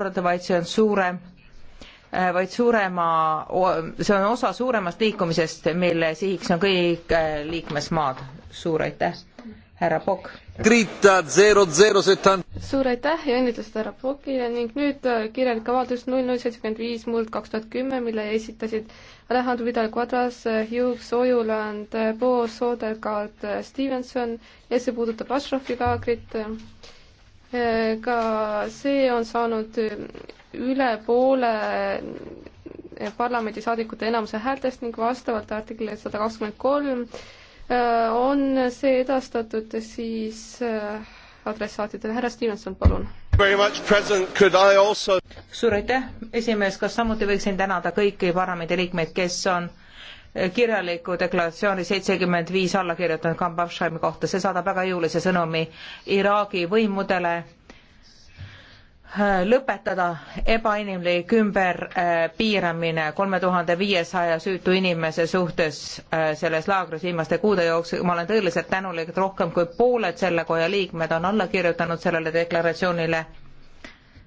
kord, vaid see on suurem, äh, vaid suurema, see on osa suuremast liikumisest, mille sihiks on kõik äh, liikmesmaad. suur aitäh, härra Pokk! suur aitäh ja õnnitlused härra Pokile ning nüüd äh, kirjalik avaldus null null seitsekümmend viis muld kaks tuhat kümme, mille esitasid Alejandro Vidal Cuadras, Hughes, Ojuland, Poos, Sodergaard, Stevenson ja see puudutab Ashrafi laagrit ka see on saanud üle poole parlamendisaadikute enamuse häältest ning vastavalt artiklile sada kakskümmend kolm äh, on see edastatud siis äh, adressaatidele. härra Stevenson, palun Also... suur aitäh esimees kas samuti võiksin tänada kõiki parlamendi liikmeid kes on kirjaliku deklaratsiooni seitsekümmend viis alla kirjutanud Kambavšaimi kohta, see saadab väga jõulise sõnumi Iraagi võimudele äh, lõpetada ebainimlik ümberpiiramine äh, kolme tuhande viiesaja süütu inimese suhtes äh, selles laagris viimaste kuude jooksul. ma olen tõeliselt tänulik, et rohkem kui pooled selle koja liikmed on alla kirjutanud sellele deklaratsioonile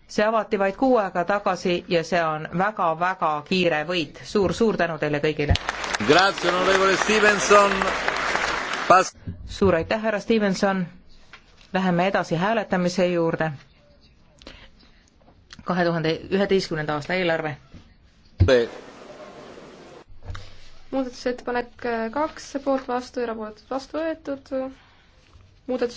see avati vaid kuu aega tagasi ja see on väga-väga kiire võit suur,. suur-suur tänu teile kõigile! suur aitäh, härra Stevenson! Läheme edasi hääletamise juurde. kahe tuhande üheteistkümnenda aasta eelarve. muudatusettepanek kaks, poolt vastu, erapooletud vastu võetud. muudatus